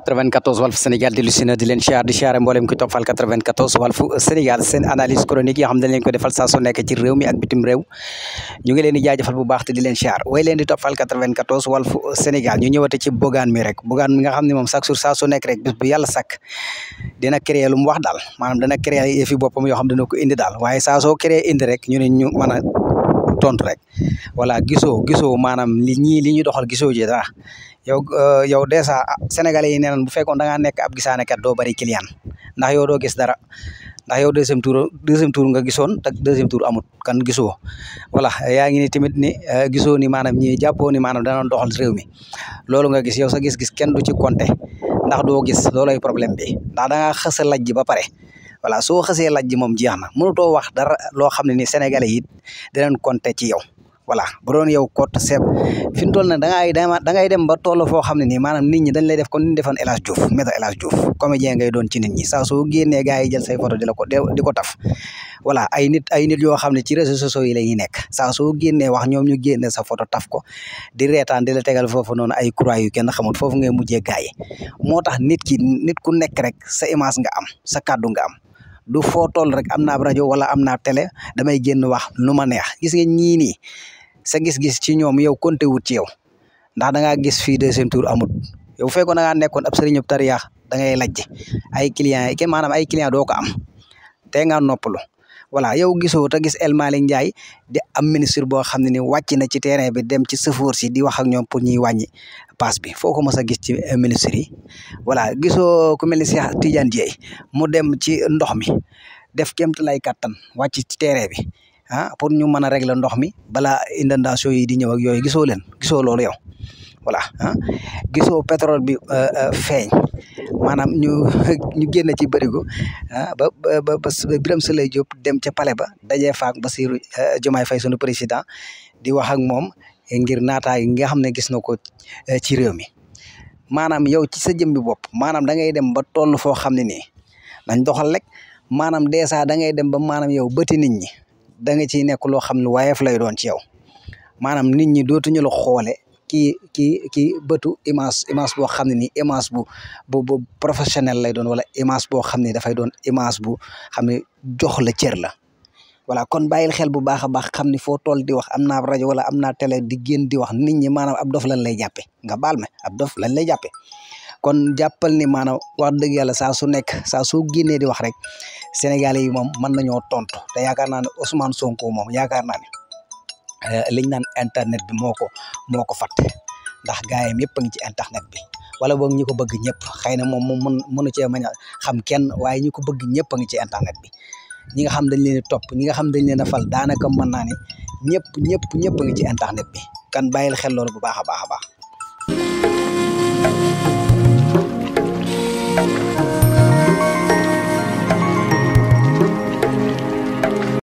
94 Walf Sénégal di lu si na di leen siyaar di siyaare mboolem ku toppal 94 Sénégal analyse chronique yoo xam ne leen ko defal saa su ci réew ak bitim réew ñu ngi leen di bu baax te di leen siyaar way leen di toppal 94 Walf Sénégal ñu ñëwate ci Bougane mi rek Bougane mi nga xam ne moom chaque jour saa rek bis bu yàlla sàkk dina créer wax daal maanaam dana créer yëfi boppam yoo xam dina ko indi daal waaye saa soo indi rek ñu ne ñu tontu rek voilà gisoo gisoo maanaam li ñii li ñuy doxal gisoo ji dara yow euh, yow dèjà ah, sénégalais yi nee bu fekkoon da ngaa nekk ab gisaanekat doo bari client ndax yow doo gis dara ndax yow deuxième tour deuxième tour nga gisoon te deuxième tour amut kan gisoo voilà yaa ngi ni tamit ni euh, gisoo ni maanaam ñi jàppoo ni maanaam danoon doxal réew mi loolu nga gis yow sa gis-gis kenn du ci compter ndax doo gis loolay problème bi ndax da ngaa xës a voilà soo xasee laaj ji moom jeex na mënutoo wax dara lo xam ne ni Sénégalais yi dinañ compter ci yow voilà bu doon yow cote seeb fi mu toll na da ngay da ngay dem ba toll foo xam ne nii maanaam nit ñi dañ lay def kon ni defoon El Hadj Diouf maître El Hadj Diouf ngay doon ci nit ñi saa soo génnee gars yi jël say photo di la ko di ko taf voilà ay nit ay nit yoo xam ne ci réseaux sociaux yi la ñuy nekk saa soo génnee wax ñoom ñu génne sa foto taf ko di reetaan di la tegal foofu noonu ay croix yu kenn xamul foofu ngay mujjee gars moo tax nit ki nit ku nekk rek sa image nga am sa kàddu nga am du foo toll rek am naa rajo wala am naa télé damay génn wax nu ma neex gis nga ñii nii sa gis-gis ci ñoom yow compté wut ci yow ndax da ngaa gis fii deuxième tour amut yow bu fekkoon da ngaa nekkoon ab sëriñub tariyaax da ngay lajj ay clients yi maanaam ay client doo ko am tey nga noppalu voilà yow gisoo te gis El Malick Ndiaye di am ministre boo xam ne ni wàcc na ci terrain bi dem ci sëfoor si di wax ak ñoom pour ñuy wàññi paas bi foo ko mos a gis ci euh, ministre yi voilà gisoo ku mel ni Cheikh mu dem ci ndox mi def kémt lay kattan wàcc ci terrain bi ah pour ñu mën a régler ndox mi balaa inondation yi di ñëw ak yooyu gisoo leen gisoo loolu yow voilà ah gisoo pétrole bi euh, euh, feeñ maanaam ñu ñu génn ci bërigo ah, ba ba ba biram Souleye Diop dem ca palais ba dajee faak Bassirou eh, Diomaye Faye sunu président di wax ak moom ngir naataay yi nga xam ne gis na ko eh, ci réew mi maanaam yow ci sa jëmmi bopp maanaam da ngay dem ba toll foo xam ne nii dañ doxal rek maanaam dèjà da ngay dem ba maanaam yow bëti nit ñi da nga ciy nekk loo xam ne wayeef lay doon ci yow ñi dootuñu la xoole ci ci ci bëtu image image boo xam ne nii image bu bu bu professionnel lay doon wala image boo xam ne dafay doon image bu xam ne jox la cër la wala kon bàyyil xel bu baax a baax xam ni foo toll di wax am naa rajo wala am naa tele di génn di wax nit ñi maanaam ab dof lañ lay jàppe nga baal ma ab dof lañ lay jàppe kon jàppal ni maanaam wax dëgg yàlla saa su nekk saa su génnee di wax rek sénégalais yi moom mën nañoo tontu te yaakaar naa ne Ousmane Sonko moom yaakaar naa Eh, liñ naan internet bi moo ko moo ko fàtte ndax gaayam yëpp a ci internet bi wala boog ñi ko bëgg ñëpp xëy na moom mun mënu cee mañ a xam kenn waaye ñi ko bëgg ñëpp a ngi ci internet bi ñi nga xam dañ leen di topp ñi nga xam dañ leen a fal daanaka mën naa ne ñëpp ñëpp ñëpp ngi ci internet bi kan bàyyil xel loolu bu baax a baax baax